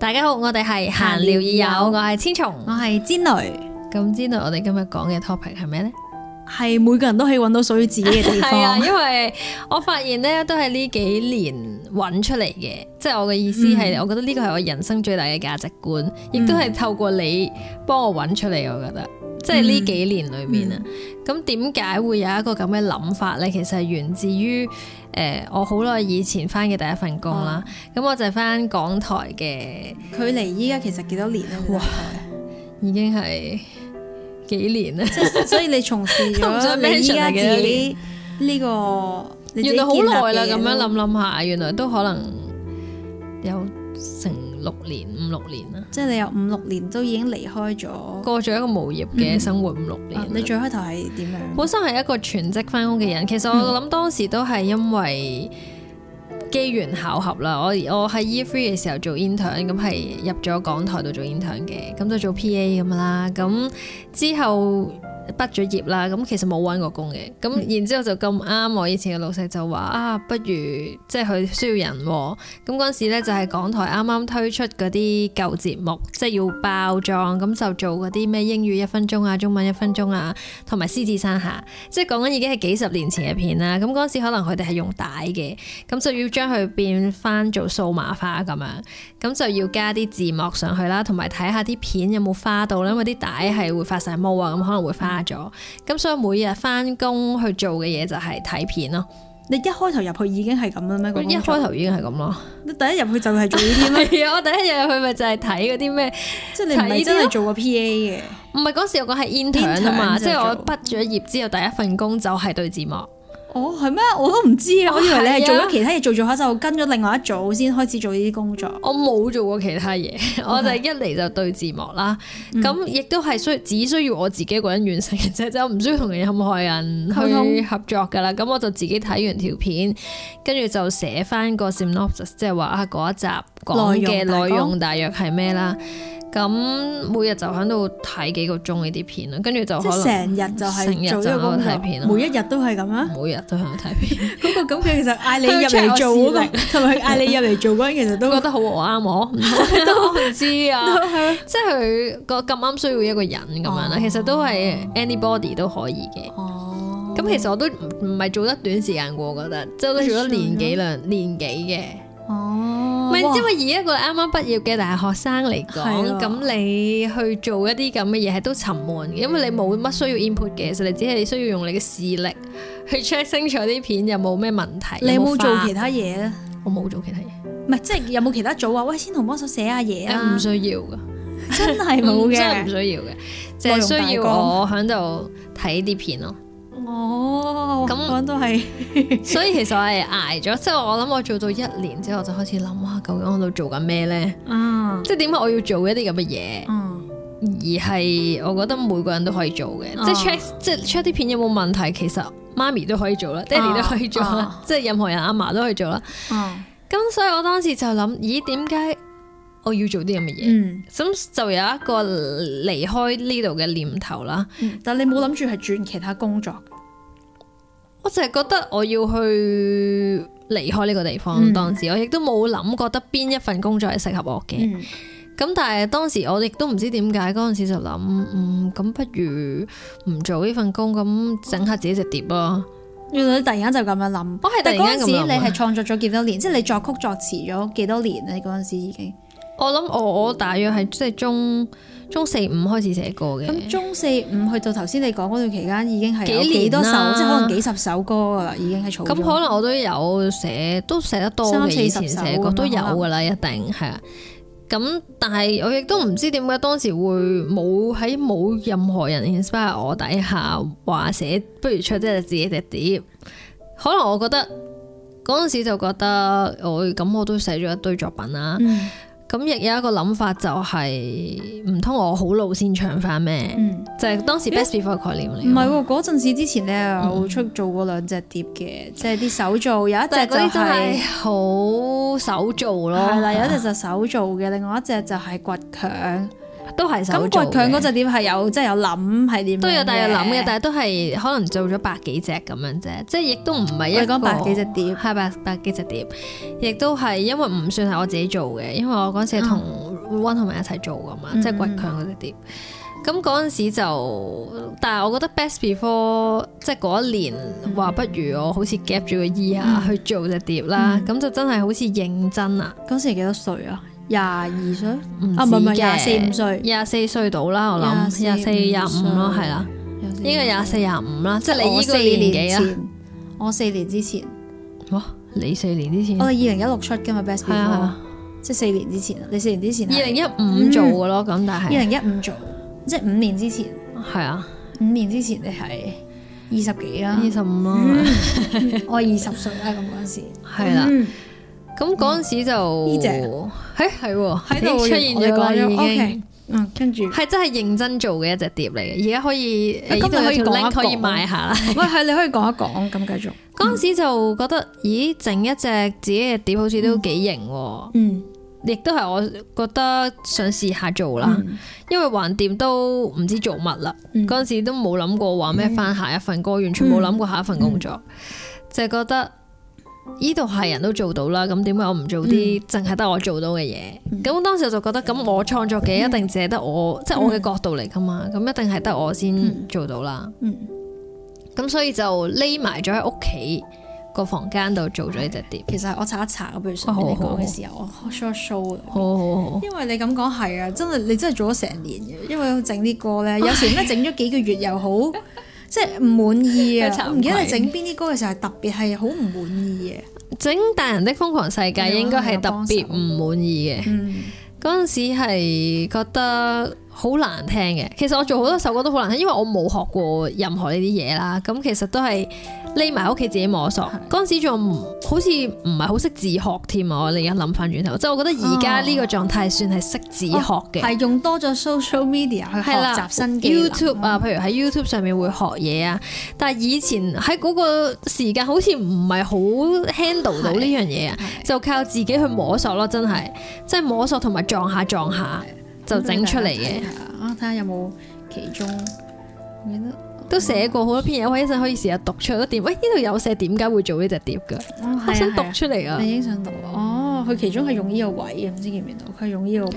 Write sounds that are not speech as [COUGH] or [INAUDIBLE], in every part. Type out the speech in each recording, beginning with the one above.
大家好，我哋係閒聊二友，友我係千松，我係煎雷。咁煎雷，我哋今日講嘅 topic 係咩呢？係每個人都可以揾到屬於自己嘅地方， [LAUGHS] 啊，因為我發現咧都係呢幾年揾出嚟嘅，即係 [LAUGHS] 我嘅意思係，我覺得呢個係我人生最大嘅價值觀，亦都係透過你幫我揾出嚟，我覺得。即係呢幾年裏面啊，咁點解會有一個咁嘅諗法咧？其實係源自於誒、呃，我好耐以前翻嘅第一份工啦。咁、嗯、我就係翻港台嘅，距離依家其實幾多年啊？已經係幾年啦！即所以你從事咗 [LAUGHS] 你依家、這個、自己呢個，原來好耐啦。咁樣諗諗下，原來都可能有成。六年五六年啦，即係你有五六年都已經離開咗，過咗一個無業嘅生活、嗯、五六年、啊。你最開頭係點樣？本身係一個全職翻工嘅人，其實我諗當時都係因為機緣巧合啦。嗯、我我喺 Year Three 嘅時候做 Intern，咁係入咗港台度做 Intern 嘅，咁就做 PA 咁啦。咁之後。畢咗業啦，咁其實冇揾過工嘅，咁然之後就咁啱，我以前嘅老細就話 [LAUGHS] 啊，不如即係佢需要人喎，咁嗰陣時呢就係港台啱啱推出嗰啲舊節目，即係要包裝，咁就做嗰啲咩英語一分鐘啊、中文一分鐘啊，同埋獅子山下，即係講緊已經係幾十年前嘅片啦。咁嗰陣時可能佢哋係用帶嘅，咁就要將佢變翻做數碼化咁樣，咁就要加啲字幕上去啦，同埋睇下啲片有冇花到，因為啲帶係會發晒毛啊，咁可能會花咗，咁所以每日返工去做嘅嘢就係睇片咯。你一開頭入去已經係咁啦咩？一開頭已經係咁咯。你第一入去就係做呢啲咩？係啊， [LAUGHS] 我第一日入去咪就係睇嗰啲咩？即係你唔係真係做過 PA 嘅？唔係，嗰時我係 intern 啊嘛，即係嘛我畢咗業之後、嗯、第一份工就係對字幕。哦，係咩、oh？我都唔知啊！Oh, 我以為你係做咗其他嘢、啊、做做下，就跟咗另外一組先開始做呢啲工作。我冇做過其他嘢，oh, is. 我就一嚟就對字幕啦。咁亦都係需只需要我自己個人完成嘅啫，就唔、是、需要同任何人去合作噶啦。咁嗎我就自己睇完條片，跟住就寫翻個 synopsis，即係話啊嗰一集講嘅內容，大約係咩啦？咁每日就喺度睇幾個鐘呢啲片啦，跟住就可能成日就係做咗嗰個睇片啦，每一日都係咁啊，每日都喺度睇片。嗰 [LAUGHS] 個感覺其實嗌你入嚟做咁，同埋嗌你入嚟做嗰陣，其實都覺得好啱我，我， [LAUGHS] 都唔知啊， [LAUGHS] 即係佢個咁啱需要一個人咁樣啦。哦、其實都係 anybody 都可以嘅。哦，咁其實我都唔係做得短時間過，我覺、嗯、得即係做咗年幾啦，嗯、年幾嘅。哦。因為以一個啱啱畢業嘅，大學生嚟講，咁的你去做一啲咁嘅嘢係都沉悶嘅，因為你冇乜需要 input 嘅，實你只係需要用你嘅視力去 check 清楚啲片有冇咩問題。你有冇做其他嘢咧？我冇做其他嘢，唔係，即係有冇其他組啊喂，先同幫手寫下嘢啊？唔、啊、需要嘅， [LAUGHS] 真係冇嘅，真係唔需要嘅，淨係 [LAUGHS] 需要我喺度睇啲片咯。哦，咁我都係，呵呵所以其實我係挨咗，即係我諗我做到一年之後我就開始諗啊，究竟我度做緊咩咧？啊，uh, 即係點解我要做一啲咁嘅嘢？嗯，uh, uh, 而係我覺得每個人都可以做嘅，即係 check 即係 check 啲片有冇問題，其實媽咪都可以做啦，爹哋都可以做啦，uh, uh, 即係任何人阿嫲都可以做啦。嗯，咁所以我當時就諗，咦，點解？我要做啲咁嘅嘢，咁、嗯、就有一個離開呢度嘅念頭啦、嗯。但係你冇諗住係轉其他工作，我就係覺得我要去離開呢個地方。嗯、當時我亦都冇諗，覺得邊一份工作係適合我嘅。咁、嗯、但係當時我亦都唔知點解嗰陣時就諗，嗯，咁不如唔做呢份工，咁整下自己隻碟啦。原來你突然間就咁樣諗？我係突然間諗。你係創作咗幾多年？嗯、即係你作曲作詞咗幾多年咧？你嗰陣時已經。我諗我我大約係即係中中四五開始寫歌嘅。咁中四五去到頭先你講嗰段期間已經係幾多首，啊、即可能幾十首歌噶啦，已經係儲，咁可能我都有寫，都寫得多三四前寫過都有噶啦，一定係啊。咁可能但係我亦都唔知點解當時會冇喺冇任何人 inspire 我底下話寫，寫不如出即係自己嘅碟。可能我覺得嗰陣時就覺得、哎、我咁我都寫咗一堆作品啦。嗯.咁亦有一個諗法就係、是，唔通我好老先唱翻咩？嗯、就係當時 Best Before 概念嚟。唔係喎，嗰陣時之前你係有出做過兩隻碟嘅，嗯、即係啲手做有一隻、就是、真係好手做咯，係啦，有一隻就手做嘅，嗯、另外一隻就係倔強。都係咁，倔強嗰隻碟係有，即係有諗，係點都有大，但係有諗嘅，但係都係可能做咗百幾隻咁樣啫，即係亦都唔係因為百幾隻碟，係百百幾隻碟，亦都係因為唔算係我自己做嘅，因為我嗰時同 One 同埋一齊做噶嘛，嗯、即係倔強嗰隻碟。咁嗰陣時就，但係我覺得 Best Before 即係嗰一年、嗯、話不如我好似 gap 住個 year 啊去做隻碟啦，咁、嗯、就真係好似認真啊。嗰、嗯嗯、時幾多歲啊？廿二歲，唔係嘅，廿四五歲，廿四歲到啦，我諗，廿四廿五咯，係啦，應該廿四廿五啦，即係你依個年紀啊？我四年之前，哇，你四年之前，我係二零一六出嘅嘛，Best Before 即係四年之前，你四年之前，二零一五做嘅咯，咁但係，二零一五做，即係五年之前，係啊，五年之前你係二十幾啊，二十五啦，我二十歲啦，咁嗰陣時，係啦。咁嗰陣時就，誒係喺度出現嘅話已經，跟住係真係認真做嘅一隻碟嚟嘅，而家可以，今日可以講可以買下啦，唔係你可以講一講，咁繼續。嗰陣時就覺得，咦，整一隻自己嘅碟好似都幾型，嗯，亦都係我覺得想試下做啦，因為橫掂都唔知做乜啦，嗰陣時都冇諗過話咩翻下一份歌，完全冇諗過下一份工作，就覺得。呢度係人都做到啦，咁點解我唔做啲淨係得我做到嘅嘢？咁、嗯、當時我就覺得咁、嗯、我創作嘅一定只係得我，即係、嗯、我嘅角度嚟噶嘛，咁、嗯、一定係得我先做到啦、嗯。嗯，咁所以就匿埋咗喺屋企個房間度做咗呢隻碟。其實我查一查，不如你講嘅時候，好好好我 show show 哦，因為你咁講係啊，真係你真係做咗成年嘅，因為整啲歌咧，有時咩整咗幾個月又好。 [LAUGHS] 即係唔滿意啊！慚愧，我唔記得你整邊啲歌嘅時候係特別係好唔滿意嘅。整大人的瘋狂世界應該係特別唔滿意嘅。嗰陣時係覺得好難聽嘅。嗯、其實我做好多首歌都好難聽，因為我冇學過任何呢啲嘢啦。咁其實都係。匿埋屋企自己摸索，嗰陣的時仲好似唔係好識自學添啊！我而家諗翻轉頭，即係我覺得而家呢個狀態算係識自學嘅，係、哦哦、用多咗 social media 去學習新 YouTube 啊、哦，譬如喺 YouTube 上面會學嘢啊。但係以前喺嗰個時間好似唔係好 handle 到呢樣嘢啊，就靠自己去摸索咯，真係，即係摸索同埋撞下撞下的就整出嚟嘅。睇下有冇其中，都寫過好多篇嘢，我一陣可以試下讀出都掂，喂、欸，呢度有寫點解會做呢隻碟嘅？哦啊、我想讀出嚟啊！你已經想讀囉？哦，佢其中係用呢個位嘅，唔知見唔見到？佢用呢個位，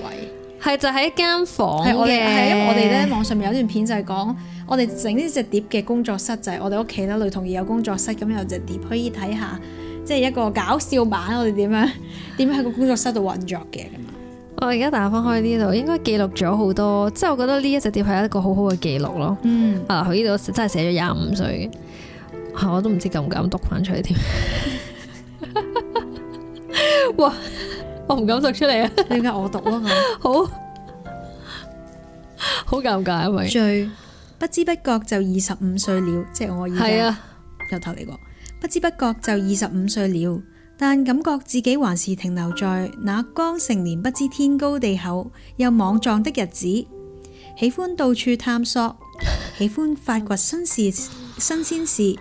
係、嗯、就喺、是、一間房嘅。係因為我哋咧網上面有段片就係講我哋整呢隻碟嘅工作室就係、是、我哋屋企啦。雷同兒有工作室咁有隻碟可以睇下，即、就、係、是、一個搞笑版我哋點樣點樣喺個工作室度運作嘅咁啊。我而家打翻開呢度，應該記錄咗好多，即係我覺得呢一隻碟係一個好好嘅記錄咯。嗯，啊，佢呢度真係寫咗廿五歲嘅，我都唔知敢唔敢讀翻出嚟添。哇！我唔敢讀出嚟啊！點解我讀啊嘛？ [LAUGHS] 好， [LAUGHS] 好尷尬啊！最不知不覺就二十五歲了，即係我而家。係啊，由頭嚟講，不知不覺就二十五歲了。但感覺自己還是停留在那剛成年不知天高地厚又莽撞的日子，喜歡到處探索，喜歡發掘新事新鮮事，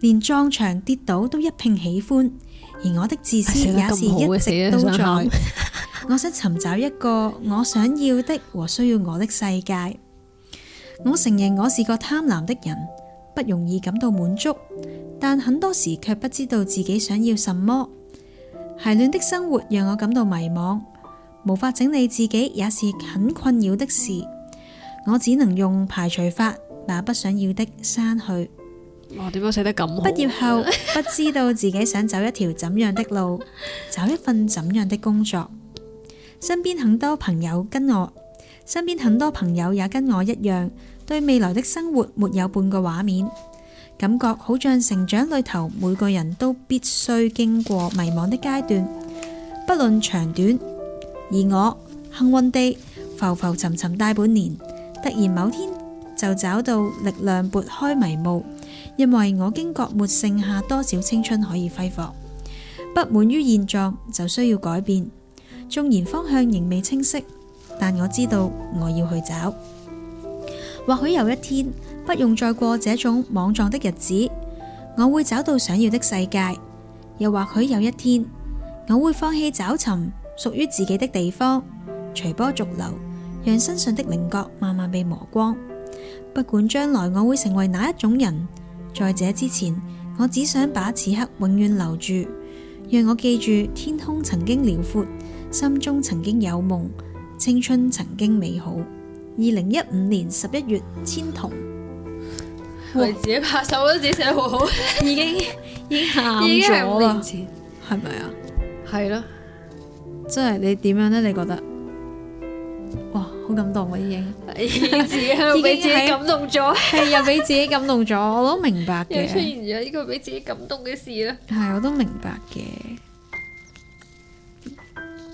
連撞牆跌倒都一併喜歡。而我的自私也是一直都在。我想尋找一個我想要的和需要我的世界。我承認我是個貪婪的人。不容易感到滿足，但很多時卻不知道自己想要什麼。孩戀的生活讓我感到迷茫，無法整理自己也是很困擾的事。我只能用排除法把不想要的刪去。我點解寫得咁好？畢業後不知道自己想走一條怎樣的路，找 [LAUGHS] 一份怎樣的工作。身邊很多朋友跟我，身邊很多朋友也跟我一樣。對未來的生活沒有半個畫面，感覺好像成長裏頭每個人都必須經過迷茫的階段，不論長短。而我幸運地浮浮沉沉大半年，突然某天就找到力量撥開迷霧，因為我驚覺沒剩下多少青春可以揮霍。不滿於現狀就需要改變，縱然方向仍未清晰，但我知道我要去找。或許有一天不用再過這種莽撞的日子，我會找到想要的世界。又或許有一天，我會放棄找尋屬於自己的地方，隨波逐流，讓身上的稜角慢慢被磨光。不管將來我會成為哪一種人，在這之前，我只想把此刻永遠留住，讓我記住天空曾經遼闊，心中曾經有夢，青春曾經美好。二零一五年十一月，千桐為自己拍手，覺得自己寫得好好，已經已經喊咗啦。係咪啊？係咯，即係你點樣咧？你覺得哇，好感動嘅已經，自己俾自己感動咗，係又俾自己感動咗，我都明白嘅。出現咗呢個俾自己感動嘅事啦，係我都明白嘅。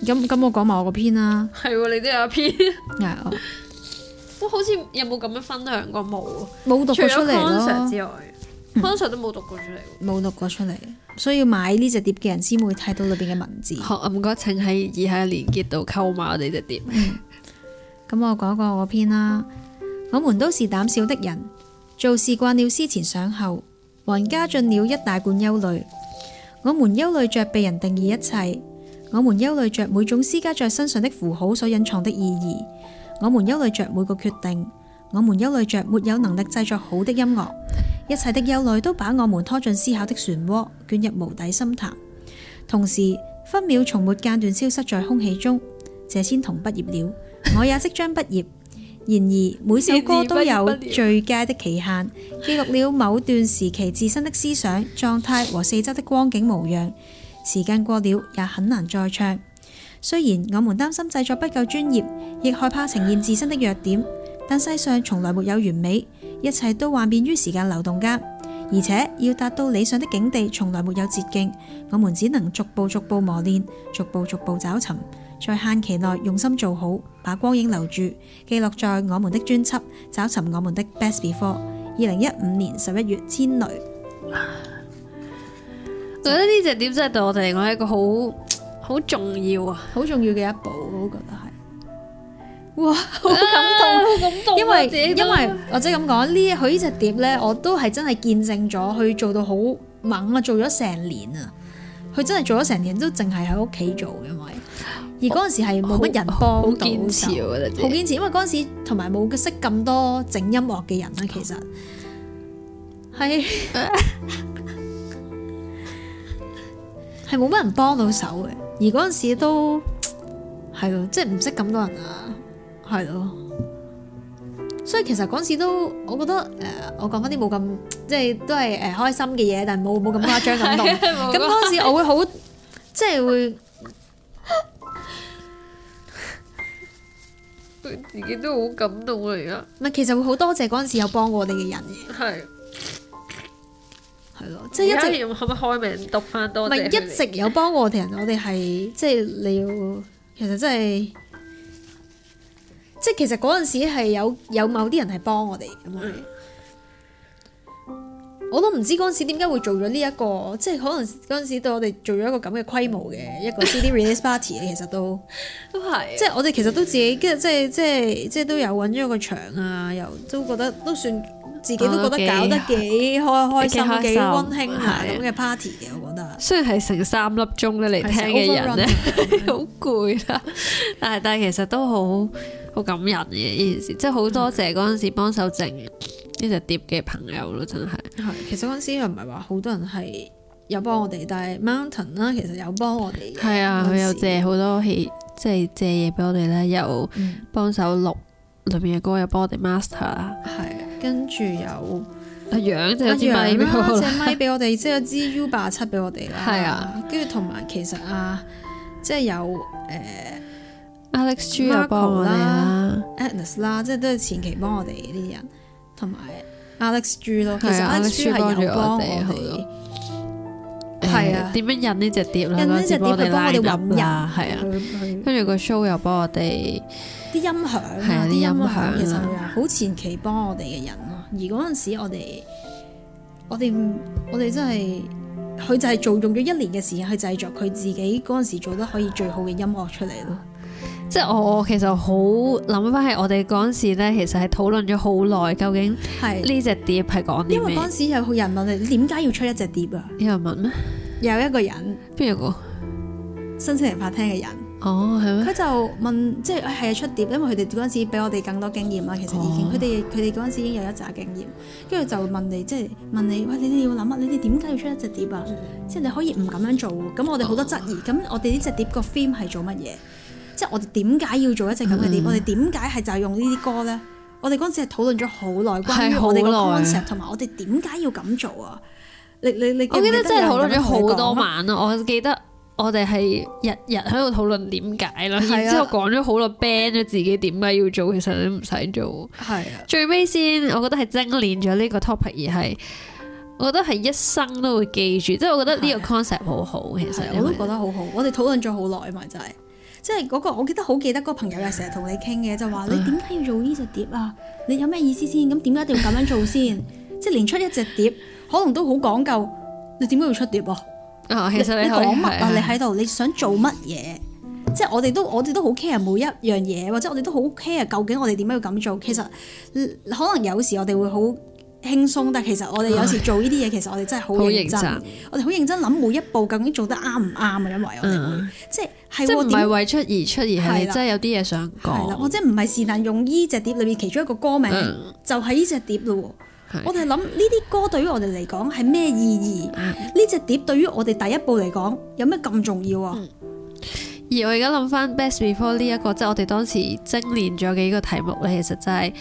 咁咁，我講埋我個篇啦。係，你都有篇。係啊。我好似有冇咁樣分享過冇啊？除咗出嚟。Consel 之外 Consel 都冇讀過出嚟。冇、嗯、讀過出嚟，所以要買呢隻碟嘅人先會睇到裏邊嘅文字。好、嗯，唔該，請喺以下連結度購買呢隻碟。咁 [LAUGHS] [LAUGHS] 我講過嗰篇啦。 [MUSIC] 我們都是膽小的人，做事慣了思前想後，還加進了一大罐憂慮。我們憂慮着被人定義一切，我們憂慮着每種施加在身上的符號所隱藏的意義。我們憂慮着每個決定，我們憂慮着沒有能力製作好的音樂，一切的憂慮都把我們拖進思考的漩渦，捲入無底深潭。同時，分秒從沒間斷消失在空氣中。謝千桐畢業了，我也即將畢業。 [LAUGHS] 然而，每首歌都有最佳的期限，記錄了某段時期自身的思想、狀態和四周的光景模樣。時間過了，也很難再唱。雖然我們擔心製作不夠專業，亦害怕呈現自身的弱點，但世上從來沒有完美，一切都幻變於時間流動噶。而且要達到理想的境地，從來沒有捷徑，我們只能逐步逐步磨練，逐步逐步找尋，在限期內用心做好，把光影留住，記錄在我們的專輯，找尋我們的 best before。二零一五年十一月，千雷，我覺得呢隻碟真係對我哋嚟講係一個好。好重要啊！好重要嘅一步，我都覺得係，哇，好感動，好感動。因為，因為或者咁講，呢，佢呢隻碟咧，我都係真係見證咗佢做到好猛啊，做咗成年啊，佢真係做咗成年都淨係喺屋企做，因為而嗰陣時係冇乜人幫到手，好堅持，因為嗰陣時同埋冇識咁多整音樂嘅人啦，其實係係冇乜人幫到手嘅。而嗰陣時都係咯，即係唔識咁多人啊，係咯。所以其實嗰陣時都，我覺得誒、呃，我講翻啲冇咁，即係都係誒開心嘅嘢，但係冇冇咁誇張咁多。咁嗰陣時我會好，即係會，佢 [LAUGHS] 自己都好感動啊！而家唔係其實會好多謝嗰陣時有幫過我哋嘅人。係。 [LAUGHS] 即係一直用，可唔可以開名篤翻多，唔係一直有幫過我哋人，我哋係即係你要，其實真係即係其實嗰陣時係有有某啲人係幫我哋咁樣。嗯、我都唔知嗰陣時點解會做咗呢一個，即係可能嗰陣時對我哋做咗一個咁嘅規模嘅一個 CD release party， [LAUGHS] 其實都都係、啊，即係我哋其實都自己跟即係即係即係都有揾咗個場啊，又都覺得都算。自己都覺得搞得幾開開心、幾溫馨下咁嘅 party 嘅，我覺得。雖然係成三粒鐘咧嚟聽嘅人，好攰啦。但係但係其實都好好感人嘅，呢件事即係好多謝嗰陣時幫手整呢隻碟嘅朋友咯，真係。係其實嗰陣時又唔係話好多人係有幫我哋，但係 Mountain 啦，其實有幫我哋。係啊，佢又借好多氣，即係借嘢俾我哋啦，又幫手錄。裏面嘅歌有幫我哋 master 啦，係，跟住有阿楊，即係隻咪，即係咪俾我哋，即係有支 U 八七俾我哋啦，係啊，跟住同埋其實啊，即係有誒 Alex G 又幫我哋啦 Alex 啦，即係都係前期幫我哋呢啲人，同埋 Alex G 咯，其實 Alex G 係有幫我哋，係啊，點樣印呢隻碟咧？印呢隻碟去幫我哋搵人，係啊，跟住個 show 又幫我哋。啲音響啊，啲對音響其實好前期幫我哋嘅人咯。嗯、而嗰陣時我，我哋我哋我哋真係佢就係做用咗一年嘅時間去製作佢自己嗰陣時做得可以最好嘅音樂出嚟咯、嗯。即係我我其實好諗翻係我哋嗰陣時咧，其實係討論咗好耐，究竟係呢隻碟係講啲咩？因為嗰陣時有個人問你哋點解要出一隻碟啊？有人問咩？有一個人，邊個？新青年發廳嘅人。哦，佢就問，即係係啊出碟，因為佢哋嗰陣時比我哋更多經驗啦。其實已經，佢哋佢哋嗰陣時已經有一扎經驗，跟住就問你，即係問你，喂，你哋要諗下你哋點解要出一隻碟啊？嗯、即係你可以唔咁樣做，咁我哋好多質疑。咁我哋呢隻碟個 theme 係做乜嘢？嗯、即係我哋點解要做一隻咁嘅碟？嗯、我哋點解係就係用呢啲歌咧？我哋嗰陣時係討論咗好耐，關於我哋個 concept 同埋我哋點解要咁做啊？你你你，我記，記得真係討論咗好多晚啦，我記得。我哋係日日喺度討論點解咯，然之後講咗好多 ban 咗自己點解要做，其實你唔使做。係啊，最尾先，我覺得係精煉咗呢個 topic 而係，我覺得係一生都會記住，即係、啊、我覺得呢個 concept 好好。其實、啊為啊、我都覺得好好。我哋討論咗好耐嘛，就係、是那個，即係嗰個我記得好記得嗰個朋友又成日同你傾嘅，就話你點解要做呢隻碟啊？你有咩意思先？咁點解一定要咁樣做先？ [LAUGHS] 即係連出一隻碟，可能都好講究。你點解要出碟、啊？其實你講乜啊？你喺度的，你想做乜嘢？的即係我哋都，我哋都好 care 每一樣嘢，或者我哋都好 care 究竟，我哋點解要咁做？其實可能有時我哋會好輕鬆，但其實我哋有時做呢啲嘢，唉其實我哋真係好認真。我哋好認真諗、嗯、每一步，究竟做得啱唔啱啊？因為我哋會，我哋、嗯、即係係即係唔係為出而出，而出而，而係真係有啲嘢想講。我即係唔係是但用呢隻碟裏面其中一個歌名就，嗯、就係呢隻碟咯。我哋諗呢啲歌對於我哋嚟講係咩意義？呢隻、啊、碟，對於我哋第一步嚟講有咩咁重要啊？嗯、而我而家諗翻《Best Before、這個》，呢一個即係我哋當時精煉咗嘅呢個題目咧，其實就係。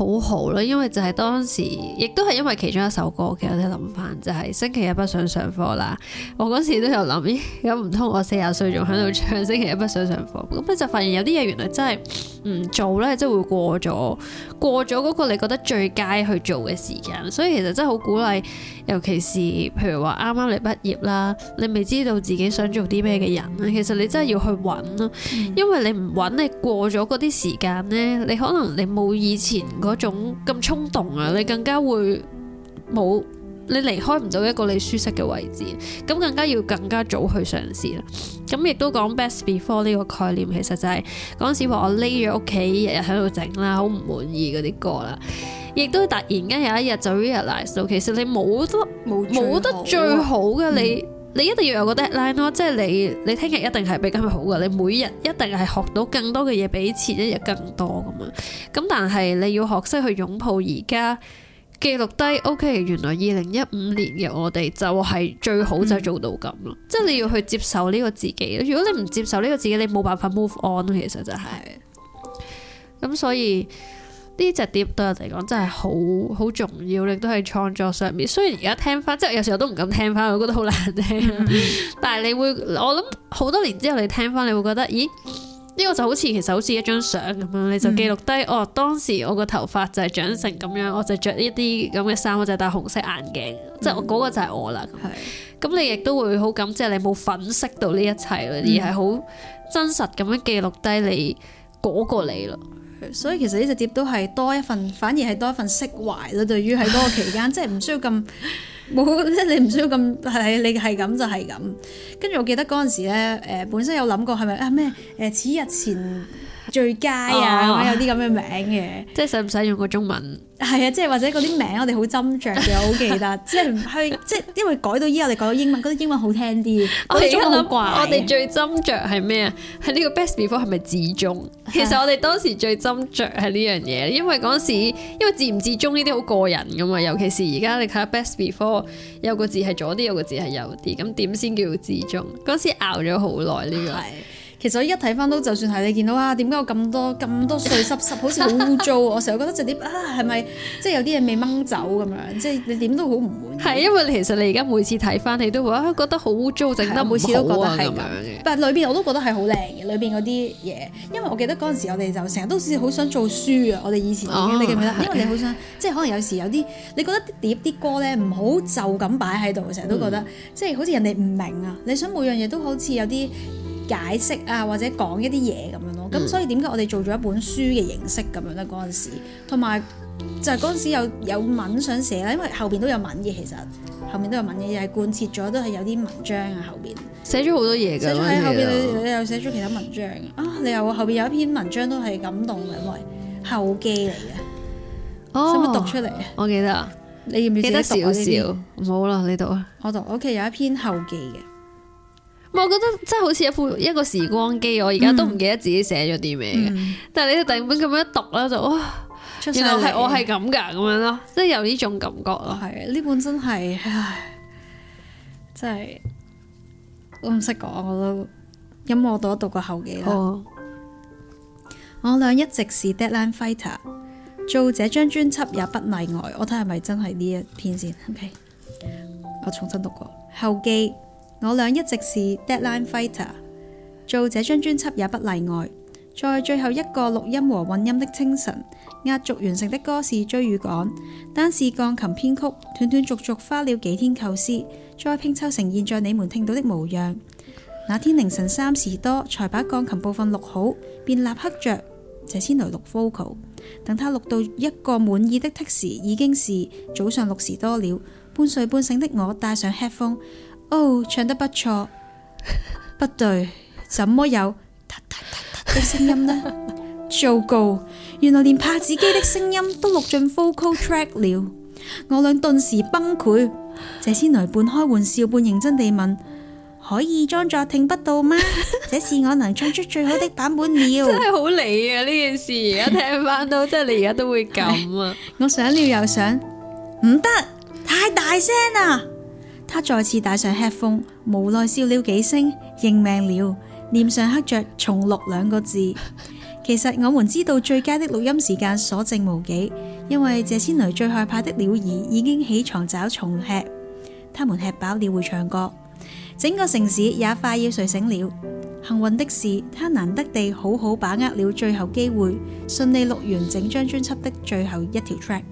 好好啦，因為就係當時，亦都係因為其中一首歌，其實我諗翻就係、是、星期一不想上課啦。我嗰時都有諗，咁唔通我四十歲仲喺度唱星期一不想上課？咁咪就發現有啲嘢，原來真係唔做咧，即係會過咗，過咗嗰個你覺得最佳去做嘅時間。所以其實真係好鼓勵，尤其是譬如話啱啱你畢業啦，你未知道自己想做啲咩嘅人，其實你真係要去揾咯，因為你唔揾，你過咗嗰啲時間咧，你可能你冇以前嗰種咁衝動啊，你更加會冇，你離開唔到一個你舒適嘅位置，咁更加要更加早去嘗試啦。咁亦都講 best before 呢個概念，其實就係嗰陣時話我匿咗屋企日日喺度整啦，好唔滿意嗰啲歌啦，亦都突然間有一日就 realize 到，其實你冇得冇最好，冇得最好嘅你。嗯你一定要有個 deadline 咯，即係你你聽日一定係比今日好噶，你每日一定係學到更多嘅嘢，比前一日更多噶嘛。咁但係你要學識去擁抱而家，記錄低。O、okay, K，原來二零一五年嘅我哋就係最好就是、做到咁啦。嗯、即係你要去接受呢個自己。如果你唔接受呢個自己，你冇辦法 move on。其實就係、是、咁，所以。呢隻碟對我嚟講真係好好重要，你都係創作上面。雖然而家聽翻，即係有時候都唔敢聽翻，我覺得好難聽。 [LAUGHS] 但係你會，我諗好多年之後你聽翻，你會覺得，咦？呢、呢個就好似其實好似一張相咁樣，你就記錄低、嗯、哦，當時我個頭髮就係長成咁樣，我就着呢啲咁嘅衫，我就戴紅色眼鏡，即係我嗰個就係我啦。係是。咁你亦都會好感即謝你冇粉飾到呢一切，嗯、而係好真實咁樣記錄低你嗰個你咯。所以其實呢隻碟都係多一份，反而係多一份釋懷咯。對於喺嗰個期間， [LAUGHS] 即係唔需要咁冇，即係你唔需要咁係，你係咁就係咁。跟住我記得嗰陣時咧，誒、呃、本身有諗過係咪啊咩？誒、呃、此日前。最佳啊，有啲咁嘅名嘅、哦，即係使唔使用，用個中文？係啊，即係或者嗰啲名我哋好斟酌嘅，我好記得， [LAUGHS] 即係去即係因為改到依家我哋改到英文，嗰啲英文好聽啲。哦、我哋一諗，我哋最斟酌係咩啊？係、這、呢個 best before 係咪字中？其實我哋當時最斟酌係呢樣嘢，因為嗰時因為字唔字中呢啲好過人㗎嘛，尤其是而家你睇下 best before 有個字係左啲，有個字係右啲，咁點先叫字中？嗰時拗咗好耐呢個。其實我一睇翻都，就算係你見到啊，點解我咁多咁多碎濕濕，好似好污糟？ [LAUGHS] 我成日覺得隻碟啊，係咪即係有啲嘢未掹走咁樣？即係你點都好唔滿。係因為其實你而家每次睇翻，你都會啊覺得好污糟，整得唔好啊咁樣嘅。但係裏邊我都覺得係好靚嘅，裏邊嗰啲嘢。因為我記得嗰陣時，我哋就成日都好似好想做書啊。我哋以前你記唔記得？的因為你好想即係可能有時有啲，你覺得啲碟啲歌咧唔好就咁擺喺度，我成日都覺得即係、嗯、好似人哋唔明啊。你想每樣嘢都好似有啲解釋啊，或者講一啲嘢咁樣咯，咁、啊、所以點解我哋做咗一本書嘅形式咁樣咧？嗰陣時，同埋就係嗰陣時有有文想寫啦，因為後邊都有文嘅，其實後面都有文嘅，又係貫徹咗，都係有啲文章啊後邊寫咗好多嘢嘅，㗎，所以後邊你你又寫咗其他文章啊？你又後邊有一篇文章都係感動嘅，因為後記嚟嘅，使唔使讀出嚟？我記得啊，你要唔要記得讀少少？唔好啦，你讀啊，我讀我屋企有一篇後記嘅。我覺得真係好似一副一個時光機，我而家都唔記得自己寫咗啲咩嘅。嗯、但係你哋第二本咁樣讀啦，就哇，原來係我係咁噶，咁樣咯，即係有呢種感覺咯。係呢本真係，唉，真係，我唔識講，我都音為我都我讀，讀過後記啦。哦、我倆一直是 Deadline Fighter，做這張專輯也不例外。我睇係咪真係呢一篇先？OK，我重新讀過後記。我倆一直是 deadline fighter，做這張專輯也不例外。在最後一個錄音和混音的清晨，壓軸完成的歌是追與趕。單是鋼琴編曲，斷斷續續花了幾天構思，再拼湊成現在你們聽到的模樣。那天凌晨三時多，才把鋼琴部分錄好，便立刻着謝先來錄 vocal。等他錄到一個滿意的 t 時，已經是早上六時多了。半睡半醒的我戴上 headphone。哦，oh, 唱得不錯，不對，怎麼有突突突突的聲音呢？糟糕，原來連拍子機的聲音都錄進 vocal track 了。我倆頓時崩潰。謝先來半開玩笑半認真地問：可以裝作聽不到嗎？這是我能唱出最好的版本了。 [LAUGHS] 真係好離啊！呢件事而家聽翻到 [LAUGHS] 真係你而家都會咁啊！ [LAUGHS] [LAUGHS] 我想了又想，唔得，太大聲啊。他再次戴上 headphone，無奈笑了幾聲，認命了，臉上刻着“重錄”兩個字。其實我們知道最佳的錄音時間所剩無幾，因為謝千雷最害怕的鳥兒已經起床找蟲吃，它們吃飽了會唱歌，整個城市也快要睡醒了。幸運的是，他難得地好好把握了最後機會，順利錄完整張專輯的最後一條 track。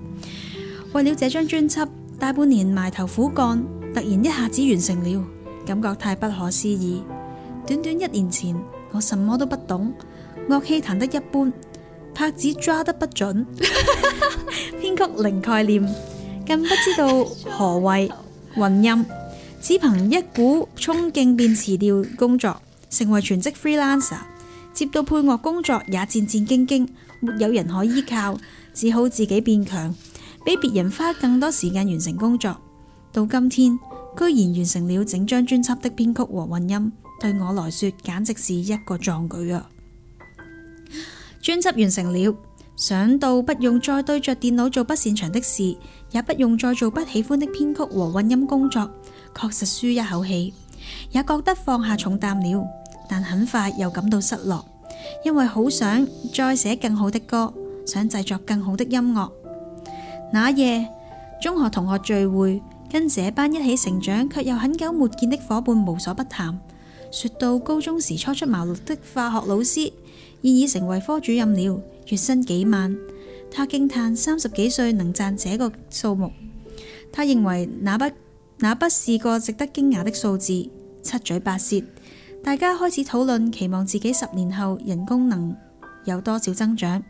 為了這張專輯，大半年埋頭苦幹。突然一下子完成了，感覺太不可思議。短短一年前，我什麼都不懂，樂器彈得一般，拍子抓得不準，編曲 [LAUGHS] 零概念，更不知道何為混音。只憑一股衝勁，便辭掉工作，成為全職 freelancer。接到配樂工作也戰戰兢兢，沒有人可依靠，只好自己變強，比別人花更多時間完成工作。到今天，居然完成了整張專輯的編曲和混音，對我來說簡直是一個壯舉啊！專輯完成了，想到不用再對着電腦做不擅長的事，也不用再做不喜歡的編曲和混音工作，確實舒一口氣，也覺得放下重擔了。但很快又感到失落，因為好想再寫更好的歌，想製作更好的音樂。那夜中學同學聚會。跟這班一起成長，卻又很久沒見的夥伴無所不談。說到高中時初出茅廬的化學老師，現已成為科主任了，月薪幾萬。他驚嘆三十幾歲能賺這個數目。他認為那不那不是個值得驚訝的數字。七嘴八舌，大家開始討論期望自己十年後人工能有多少增長。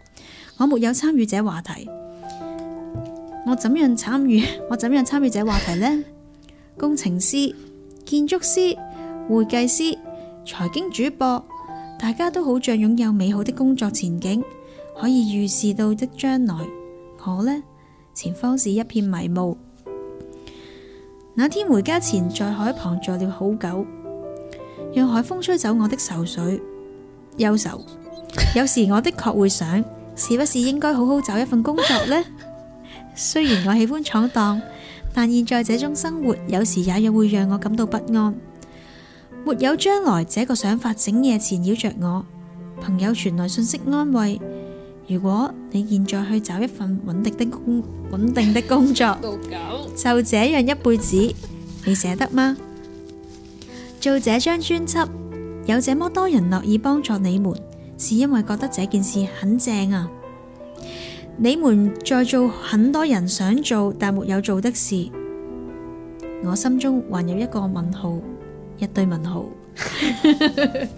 我沒有參與這話題。我怎樣參與？我怎樣參與這話題呢？工程師、建築師、會計師、財經主播，大家都好像擁有美好的工作前景，可以預示到的將來。我呢，前方是一片迷霧。那天回家前，在海旁坐了好久，讓海風吹走我的愁緒、憂愁。有時我的確會想，是不是應該好好找一份工作呢？ [COUGHS] 雖然我喜歡闖蕩，但現在這種生活有時也又會讓我感到不安。沒有將來，這個想法整夜纏繞着我。朋友傳來信息安慰：如果你現在去找一份穩定的工，穩定的工作，就這樣一輩子，你捨得嗎？做這張專輯，有這麼多人樂意幫助你們，是因為覺得這件事很正啊。你們在做很多人想做但沒有做的事，我心中還有一個問號，一堆問號。 [LAUGHS]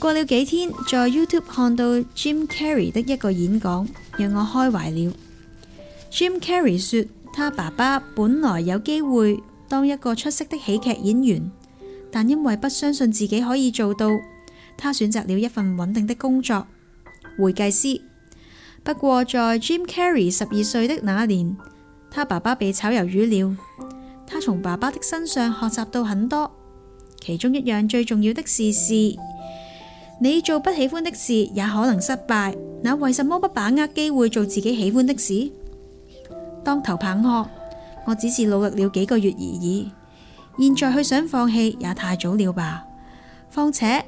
過了幾天，在 YouTube 看到 Jim Carrey 的一個演講，讓我開懷了。Jim Carrey 說，他爸爸本來有機會當一個出色的喜劇演員，但因為不相信自己可以做到。他選擇了一份穩定的工作，會計師。不過，在 Jim Carrey 十二歲的那年，他爸爸被炒魷魚了。他從爸爸的身上學習到很多，其中一樣最重要的事是：你做不喜歡的事也可能失敗，那為什麼不把握機會做自己喜歡的事？當頭棒喝，我只是努力了幾個月而已，現在去想放棄也太早了吧？況且。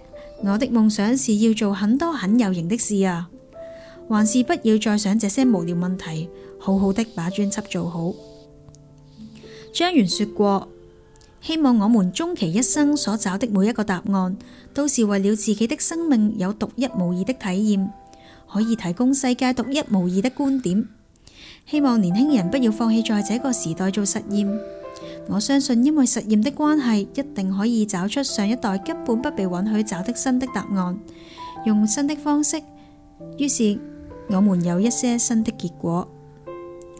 我的夢想是要做很多很有型的事啊！還是不要再想這些無聊問題，好好的把專輯做好。張元說過，希望我們終其一生所找的每一個答案，都是為了自己的生命有獨一無二的體驗，可以提供世界獨一無二的觀點。希望年輕人不要放棄在這個時代做實驗。我相信，因為實驗的關係，一定可以找出上一代根本不被允許找的新的答案，用新的方式。於是我們有一些新的結果，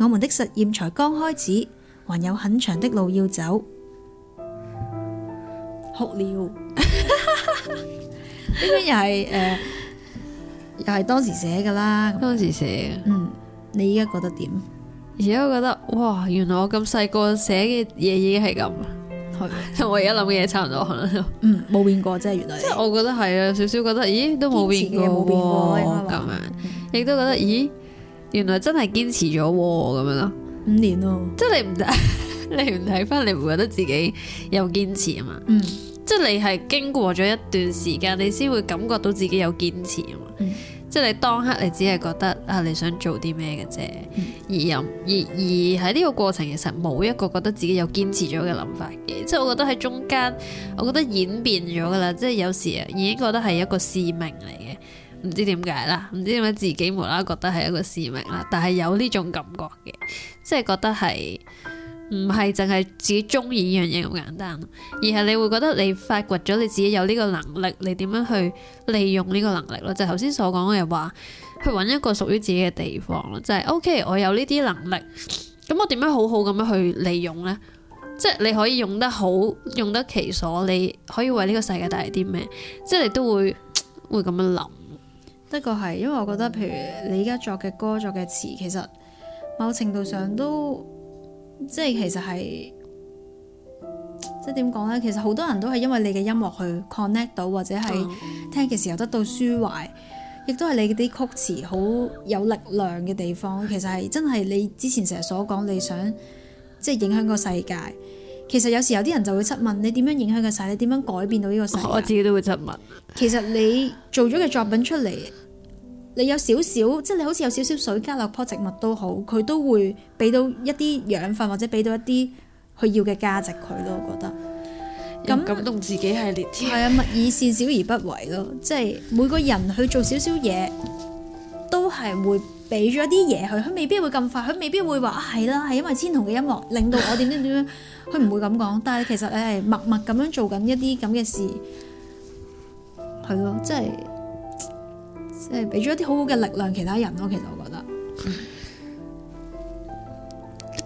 我們的實驗才剛開始，還有很長的路要走。哭了，呢邊 [LAUGHS] 又係誒、呃，又係當時寫噶啦，當時寫，嗯，你依家覺得點？而家我覺得哇，原來我咁細個寫嘅嘢，已經係咁，係的我而家諗嘅嘢差唔多，可 [LAUGHS] 能嗯，冇變過，即係原來。即係我覺得係啊，少少覺得，咦，都冇變過咁樣，亦都、嗯、覺得，咦，原來真係堅持咗咁樣咯。五年咯，即係你唔，你唔睇翻，你唔覺得自己有堅持啊嘛。嗯、即係你係經過咗一段時間，你先會感覺到自己有堅持啊嘛。嗯即係你當刻你只係覺得啊，你想做啲咩嘅啫，而又而而喺呢個過程，其實冇一個覺得自己有堅持咗嘅諗法嘅。即係我覺得喺中間，我覺得演變咗噶啦。即係有時啊，已經覺得係一個使命嚟嘅，唔知點解啦，唔知點解自己無啦啦覺得係一個使命啦，但係有呢種感覺嘅，即係覺得係。唔係淨係自己中意呢樣嘢咁簡單，而係你會覺得你發掘咗你自己有呢個能力，你點樣去利用呢個能力咯？就係頭先所講嘅話，去揾一個屬於自己嘅地方咯，就係 OK，我有呢啲能力，咁我點樣好好咁樣去利用呢？即係你可以用得好，用得其所，你可以為呢個世界帶嚟啲咩？即係你都會會咁樣諗。不過係，因為我覺得譬如你而家作嘅歌作嘅詞，其實某程度上都。即係其實係即係點講咧？其實好多人都係因為你嘅音樂去 connect 到，或者係聽嘅時候得到抒懷，亦都係你啲曲詞好有力量嘅地方。其實係真係你之前成日所講，你想即係影響個世界。其實有時有啲人就會質問你點樣影響個世界？你點樣改變到呢個世界？我自己都會質問。其實你做咗嘅作品出嚟，你有少少，即係你好似有少少水加落棵植物都好，佢都會俾到一啲養分，或者俾到一啲佢要嘅價值佢咯，我覺得。感動自己系列添。係啊，勿以善小而不為咯， [LAUGHS] 即係每個人去做少少嘢，都係會俾咗啲嘢佢，佢未必會咁快，佢未必會話啊係啦，係因為千桐嘅音樂令到我點點點樣，佢唔 [LAUGHS] 會咁講。但係其實你係默默咁樣做緊一啲咁嘅事，係咯，啊，即係。 [LAUGHS] 即係俾咗一啲好好嘅力量其他人咯，其實我覺得、嗯，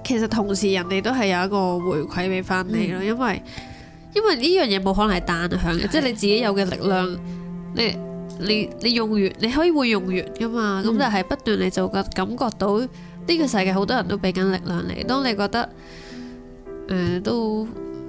其實同時人哋都係有一個回饋俾翻你咯、嗯，因為因為呢樣嘢冇可能係單向嘅，即係的你自己有嘅力量，你你你用完你可以會用完噶嘛，咁、嗯、但係不斷你就覺感覺到呢個世界好多人都俾緊力量你，當你覺得誒、呃、都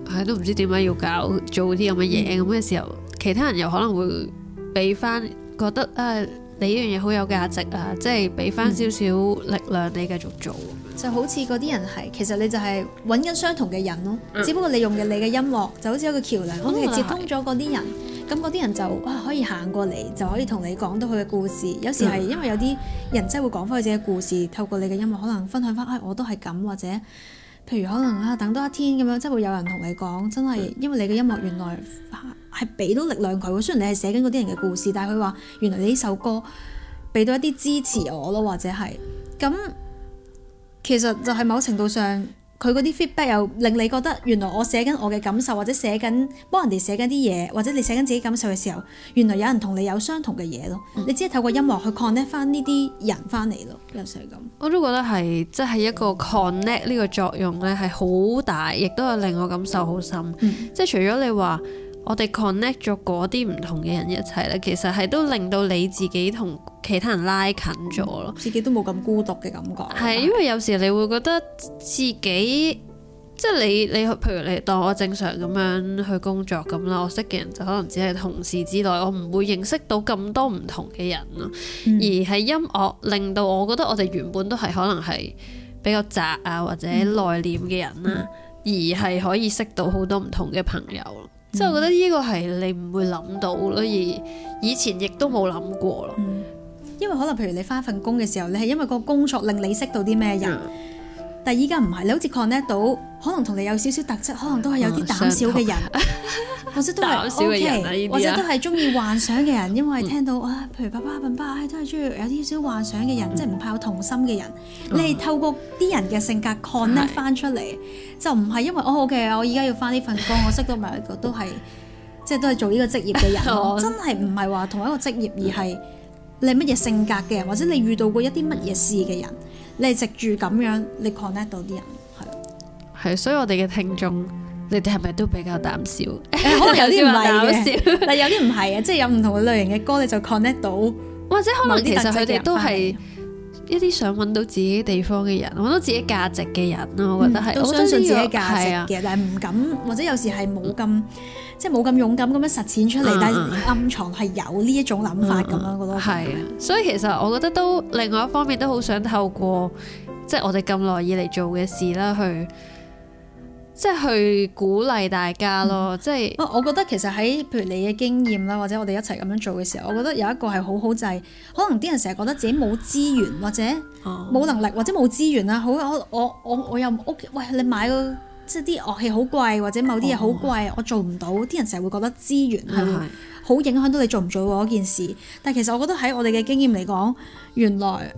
係、哎、都唔知點解要搞做啲咁嘅嘢咁嘅時候，嗯、其他人又可能會俾翻覺得啊～你呢樣嘢好有價值啊！即係俾翻少少力量你繼續做，嗯、就好似嗰啲人係，其實你就係揾緊相同嘅人咯。嗯、只不過你用嘅你嘅音樂就好似有個橋梁，好似係接通咗嗰啲人，咁嗰啲人就哇可以行過嚟，就可以同你講到佢嘅故事。有時係因為有啲人真係會講翻佢自己故事，透過你嘅音樂可能分享翻、哎，我都係咁或者。譬如可能啊，等多一天咁樣，即係會有人同你講，真係因為你嘅音樂原來係俾到力量佢。雖然你係寫緊嗰啲人嘅故事，但係佢話原來你呢首歌俾到一啲支持我咯，或者係咁，其實就係某程度上。佢嗰啲 feedback 又令你覺得，原來我寫緊我嘅感受，或者寫緊幫人哋寫緊啲嘢，或者你寫緊自己感受嘅時候，原來有人同你有相同嘅嘢咯。嗯、你只係透過音樂去 connect 翻呢啲人翻嚟咯。又、有時係咁，我都覺得係即係一個 connect 呢個作用咧係好大，亦都係令我感受好深。嗯、即係除咗你話。我哋 connect 咗嗰啲唔同嘅人一齊咧，其實係都令到你自己同其他人拉近咗咯，自己都冇咁孤獨嘅感覺。係因為有時你會覺得自己即係你你，譬如你當我正常咁樣去工作咁啦，我識嘅人就可能只係同事之內，我唔會認識到咁多唔同嘅人咯。嗯、而喺音樂令到我覺得我哋原本都係可能係比較宅啊或者內斂嘅人啦、啊，嗯、而係可以識到好多唔同嘅朋友。即係我覺得呢個係你唔會諗到咯，而以前亦都冇諗過咯、嗯。因為可能譬如你返份工嘅時候，你係因為個工作令你識到啲咩人？Yeah. 但係依家唔係，你好似 connect 到，可能同你有少少特質，可能都係有啲膽小嘅人。哎 [LAUGHS] 或者都係 OK、啊、或者都係中意幻想嘅人，因為聽到啊，譬如爸爸、爸爸，係真係中意有啲少幻想嘅人，嗯、即係唔怕有童心嘅人。哇你係透過啲人嘅性格 connect 翻出嚟，就唔係因為哦，OK，我而家要翻呢份工， [LAUGHS] 我識到每一個都係，即係都係做呢個職業嘅人， [LAUGHS] 真係唔係話同一個職業，而係你乜嘢性格嘅人，或者你遇到過一啲乜嘢事嘅人，你係藉住咁樣，你 connect 到啲人，係係，所以我哋嘅聽眾。 [MUSIC] 你哋係咪都比較膽小？可能有啲唔係搞笑，但有啲唔係啊，即係有唔同嘅類型嘅歌，你就 connect 到，或者可能其實佢哋都係一啲想揾到自己地方嘅人，揾到自己價值嘅人，我覺得係都相信自己價值嘅，但係唔敢，或者有時係冇咁即係冇咁勇敢咁樣實踐出嚟，但係暗藏係有呢一種諗法咁樣咯。係啊，所以其實我覺得都另外一方面都好想透過即係我哋咁耐以嚟做嘅事啦去。即係去鼓勵大家咯，嗯、即係，我覺得其實喺譬如你嘅經驗啦，或者我哋一齊咁樣做嘅時候，我覺得有一個係好好就係，可能啲人成日覺得自己冇資源或者冇能力，或者冇資源啦，好我我我我有屋企，喂，你買個即係啲樂器好貴，或者某啲嘢好貴，哦、我做唔到，啲人成日會覺得資源係好影響到你做唔做嗰件事。但係其實我覺得喺我哋嘅經驗嚟講，原來。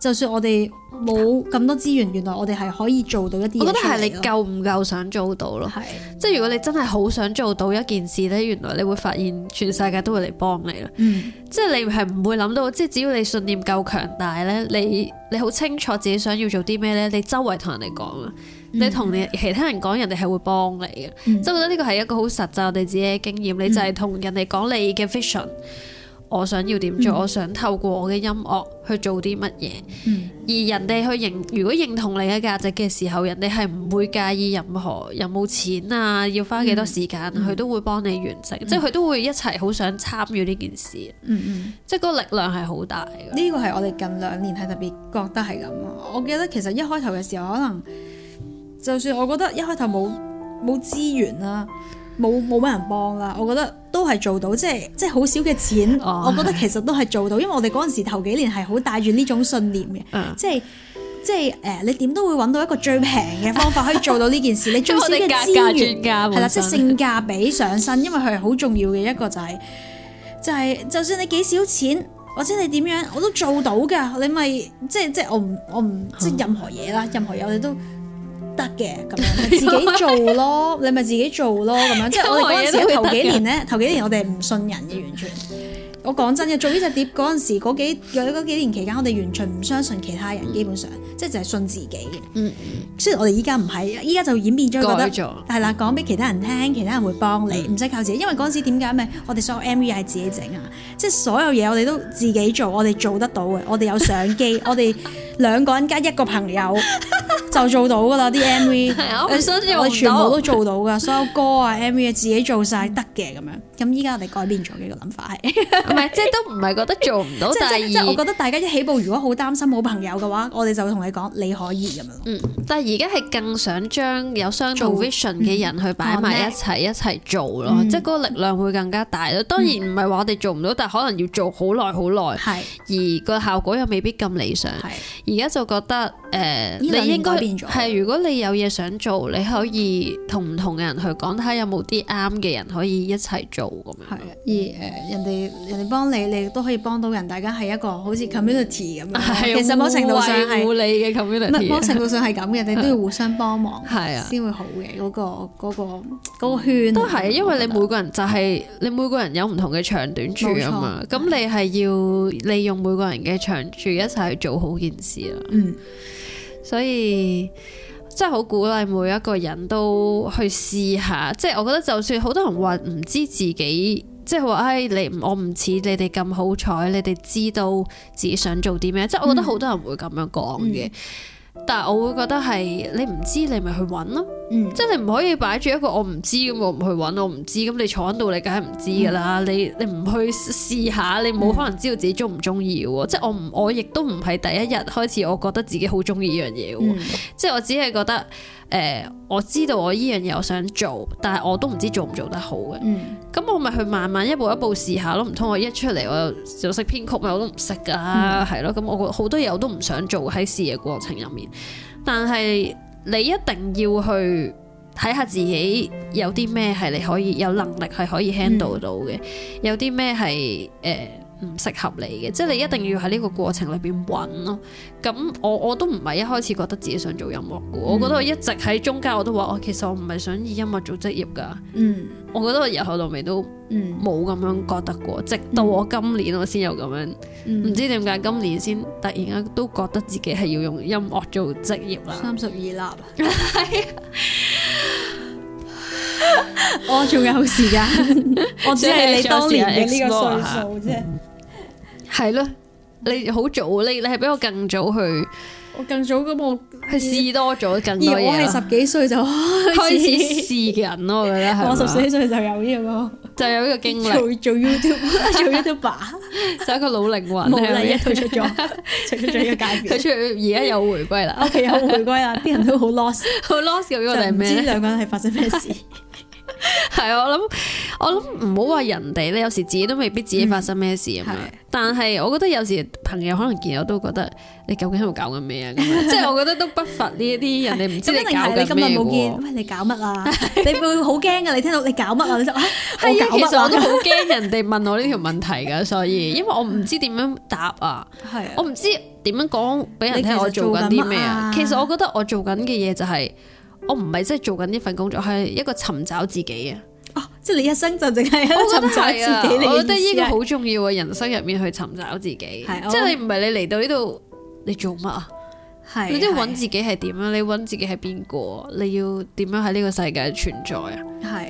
就算我哋冇咁多資源，原來我哋係可以做到一啲嘢。我覺得係你夠唔夠想做到咯？的即係如果你真係好想做到一件事呢，原來你會發現全世界都會嚟幫你啦。嗯、即係你係唔會諗到，即係只要你信念夠強大呢，你你好清楚自己想要做啲咩呢？你周圍同人哋講啊，嗯、你同其他人講，人哋係會幫你嘅。真、嗯、覺得呢個係一個好實際我哋自己嘅經驗，你就係同人哋講你嘅 vision、嗯。我想要點做？嗯、我想透過我嘅音樂去做啲乜嘢？嗯、而人哋去認，如果認同你嘅價值嘅時候，人哋係唔會介意任何又冇錢啊，要花幾多時間，佢、嗯、都會幫你完成，嗯、即係佢都會一齊好想參與呢件事。嗯、即係嗰個力量係好大。呢個係我哋近兩年係特別覺得係咁。我記得其實一開頭嘅時候，可能就算我覺得一開頭冇冇資源啦。冇冇乜人幫啦，我覺得都係做到，即係即係好少嘅錢，哦、我覺得其實都係做到，因為我哋嗰陣時頭幾年係好帶住呢種信念嘅，即係即係誒，你點都會揾到一個最平嘅方法可以做到呢件事， [LAUGHS] 你最少嘅資源係啦，即係、啊就是、性價比上身，因為佢係好重要嘅一個就係、是、就係、是，就算你幾少錢或者你點樣，我都做到㗎，你咪即係即係我唔我唔即係任何嘢啦，好任何嘢我都。嗯得嘅咁樣，自己做咯，你咪自己做咯咁樣。 [LAUGHS] 即係我哋嗰陣時頭幾年咧，頭幾年我哋唔信人嘅完全。 [LAUGHS] 我講真嘅，做呢隻碟嗰陣時，嗰幾，幾年期間，我哋完全唔相信其他人，嗯、基本上即係就係信自己。嘅。嗯。雖然我哋依家唔係，依家就演變咗做覺得係啦，講俾其他人聽，其他人會幫你，唔使靠自己。因為嗰陣時點解咩？我哋所有 MV 係自己整啊，即係所有嘢我哋都自己做，我哋做得到嘅，我哋有相機， [LAUGHS] 我哋兩個人加一個朋友 [LAUGHS] 就做到噶啦啲 MV。係啊、哎，所、呃、我哋全部都做到噶，所有歌啊 MV 啊自己做晒得嘅咁樣。咁依家我哋改變咗呢個諗法係。 [LAUGHS] [LAUGHS] 唔係，即係都唔係覺得做唔到。即係即係，我覺得大家一起步，如果好擔心冇朋友嘅話，我哋就會同你講，你可以咁樣。嗯，但係而家係更想將有相同 vision 嘅人去擺埋一齊一齊做咯。即係個力量會更加大咯。當然唔係話我哋做唔到，但係可能要做好耐好耐。而個效果又未必咁理想。而家就覺得誒，你應該變咗係，如果你有嘢想做，你可以同唔同嘅人去講，睇下有冇啲啱嘅人可以一齊做咁樣係，而誒人哋。幫你，你都可以幫到人。大家係一個好似 community 咁樣，嗯、其實某程度上係互惠互利嘅 community。某程度上係咁嘅，你都要互相幫忙，係啊，先會好嘅。嗰是、啊嗰個、嗰個、嗰個圈、嗯、都係，因為你每個人就係、是、你每個人有唔同嘅長短處啊嘛。咁錯你係要利用每個人嘅長處一齊去做好件事啦。嗯，所以真係好鼓勵每一個人都去試下。即、就、係、是、我覺得就算好多人話唔知自己。即係話，唉、哎，你我唔似你哋咁好彩，你哋知道自己想做啲咩？即係我覺得好多人會咁樣講嘅，嗯嗯、但係我會覺得係你唔知，你咪去搵咯。嗯、即係你唔可以擺住一個我唔知咁，我唔去搵，我唔知咁，你坐喺度，你梗係唔知噶啦。嗯、你你唔去試下，你冇可能知道自己中唔中意嘅。即係我唔，我亦都唔係第一日開始，我覺得自己好中意呢樣嘢嘅。即係、嗯嗯、我只係覺得。誒、呃，我知道我依樣嘢我想做，但係我都唔知做唔做得好嘅。咁、嗯、我咪去慢慢一步一步試下咯。唔通我一出嚟我就識編曲咪我都唔識噶？係咯、嗯。咁我好多嘢我都唔想做喺試嘅過程入面。但係你一定要去睇下自己有啲咩係你可以有能力係可以 handle 到嘅，嗯、有啲咩係誒。呃唔適合你嘅，即係你一定要喺呢個過程裏邊揾咯。咁我我都唔係一開始覺得自己想做音樂嘅，嗯、我覺得我一直喺中間我都話，我其實我唔係想以音樂做職業噶。嗯，我覺得我由後到尾都冇咁樣覺得過，嗯、直到我今年我先有咁樣。唔、嗯、知點解今年先突然間都覺得自己係要用音樂做職業啦。三十二立 [LAUGHS] [LAUGHS] 我仲有時間， [LAUGHS] 我只係你當年嘅呢個歲數啫。係咯，你好早，你你係比我更早去，我更早，咁我去試多咗更多嘢。而我係十幾歲就開始試嘅人咯，我覺得係我十四歲就有呢個，就有呢個經歷。做 YouTube，做 YouTuber， [LAUGHS] 做一個老靈魂，係咪？退出咗，退出咗呢個界段。退出而家有回歸啦， [LAUGHS] okay, 有回歸啦，啲 [LAUGHS] 人都好 lost，好 lost 嘅，呢個係咩？呢兩個人係發生咩事？ [LAUGHS] 係啊我諗，我諗唔好話人哋咧，有時自己都未必自己發生咩事啊嘛。但係我覺得有時朋友可能見我都覺得，你究竟喺度搞緊咩啊？即係我覺得都不乏呢一啲人哋唔知你搞緊咩。今日冇見，你搞乜啊？你會好驚啊，你聽到你搞乜啊？你係啊，其實我都好驚人哋問我呢條問題噶，所以因為我唔知點樣答啊。係我唔知點樣講俾人聽，我做緊啲咩啊？其實我覺得我做緊嘅嘢就係。我唔係真係做緊呢份工作，係一個尋找自己啊！哦，即係你一生就淨係一個尋找自己。我覺得呢個好重要嘅人生入面去尋找自己，即係你唔係你嚟到呢度你做乜啊？係的你即係揾自己係點啊？你揾自己係邊個啊？你要點樣喺呢個世界存在啊？係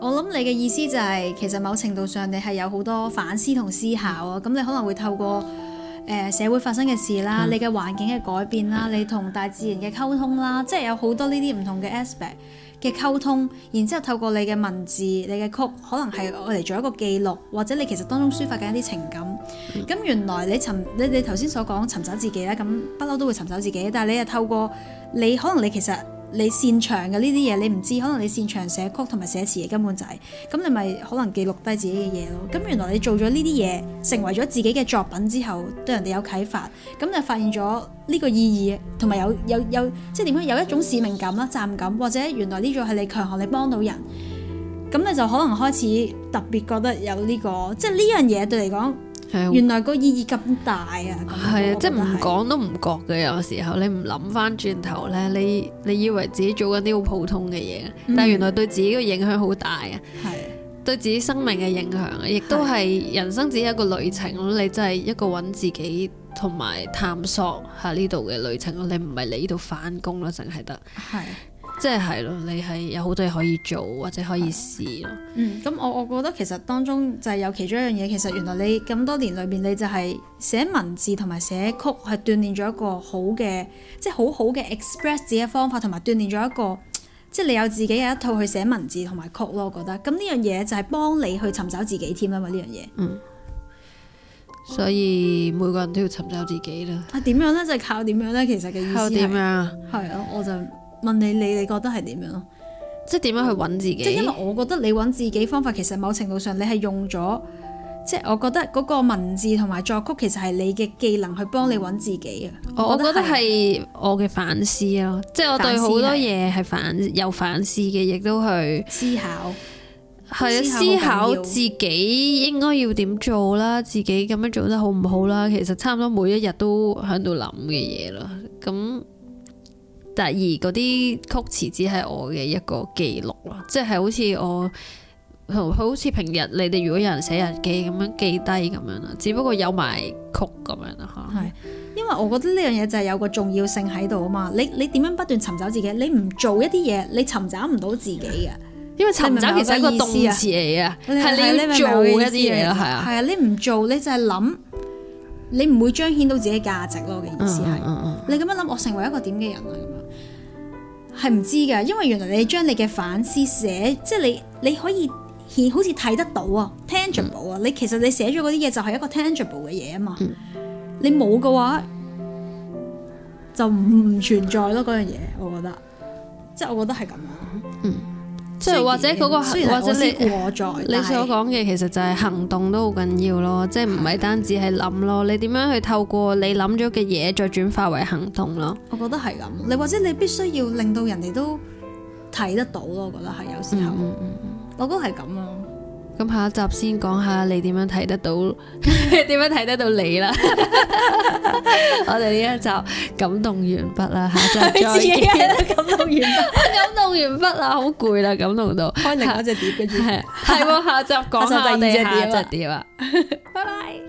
我諗你嘅意思就係、是，其實某程度上你係有好多反思同思考啊！咁你可能會透過。誒社會發生嘅事啦，嗯、你嘅環境嘅改變啦，嗯、你同大自然嘅溝通啦，嗯、即係有好多呢啲唔同嘅 aspect 嘅溝通，然之後透過你嘅文字、你嘅曲，可能係我嚟做一個記錄，或者你其實當中抒發緊一啲情感。咁、嗯、原來你尋你你頭先所講尋找自己啦，咁不嬲都會尋找自己，但係你又透過你可能你其實。你擅長嘅呢啲嘢，你唔知，可能你擅長寫曲同埋寫詞嘅根本就係、是，咁你咪可能記錄低自己嘅嘢咯。咁原來你做咗呢啲嘢，成為咗自己嘅作品之後，對人哋有啟發，咁你發現咗呢個意義，同埋有有有，即係點講？有一種使命感啦、責任感，或者原來呢種係你強項你幫到人，咁你就可能開始特別覺得有呢、這個，即係呢樣嘢對嚟講。原來個意義咁大啊！係啊的，即係唔講都唔覺嘅。有時候你唔諗翻轉頭咧，你你，你以為自己做緊啲好普通嘅嘢，嗯、但係原來對自己個影響好大啊！係的對自己生命嘅影響，亦都係人生只係一個旅程咯的。你真係一個揾自己同埋探索下呢度嘅旅程咯。你唔係嚟呢度返工咯，淨係得。即係係咯，你係有好多嘢可以做，或者可以試咯。嗯，咁我我覺得其實當中就係有其中一樣嘢，其實原來你咁多年裏邊，你就係寫文字同埋寫曲，係鍛煉咗一個好嘅，即係好好嘅 express 自己嘅方法，同埋鍛煉咗一個，即係你有自己嘅一套去寫文字同埋曲咯。我覺得咁呢樣嘢就係幫你去尋找自己添啊嘛，呢樣嘢。所以每個人都要尋找自己啦。嗯。啊，點樣呢？就係靠點樣呢？其實嘅意思係點樣啊？係咯，我就。問你你你覺得係點樣咯？即係點樣去揾自己？即因為我覺得你揾自己方法，其實某程度上你係用咗，即係我覺得嗰個文字同埋作曲其實係你嘅技能去幫你揾自己啊！嗯、我覺得係我嘅反思咯，思即係我對好多嘢係反有反思嘅，亦都去是思考，係啊是思，思考自己應該要點做啦，自己咁樣做得好唔好啦，其實差唔多每一日都喺度諗嘅嘢咯，咁。第二嗰啲曲詞只係我嘅一個記錄咯，即係好似我好似平日你哋如果有人寫日記咁樣記低咁樣啦，只不過有埋曲咁樣啦嚇。係因為我覺得呢樣嘢就係有個重要性喺度啊嘛。你你點樣不斷尋找自己？你唔做一啲嘢，你尋找唔到自己嘅。因為尋找其實係一個動詞嚟嘅。係你，你做一啲嘢係啊。係啊，你唔做你就係諗，你唔會彰顯到自己價值咯嘅意思係。你咁樣諗，我成為一個點嘅人啊？係唔知噶，因為原來你將你嘅反思寫，即係你你可以好似睇得到啊，tangible 啊，你、嗯、其實你寫咗嗰啲嘢就係一個 tangible 嘅嘢啊嘛，嗯、你冇嘅話就唔存在咯嗰樣嘢，我覺得，即係我覺得係咁樣。嗯即係或者嗰、那個或者你你所講嘅其實就係行動都好緊要咯，是的 即係唔係單止係諗咯，是的 你點樣去透過你諗咗嘅嘢再轉化為行動咯？我覺得係咁，你或者你必須要令到人哋都睇得到咯，我覺得係有時候，嗯嗯嗯我覺得係咁咯。咁下一集先講下你點樣睇得到，點 [LAUGHS] 樣睇得到你啦！ [LAUGHS] 我哋呢一集感動完畢啦， [LAUGHS] 下集再見。 [LAUGHS] 感動完畢，感動完畢啊，好攰啦，感動到開另一隻碟跟住。係係， [LAUGHS] 下集講第二隻碟啊，第二啊，拜 [LAUGHS] 拜。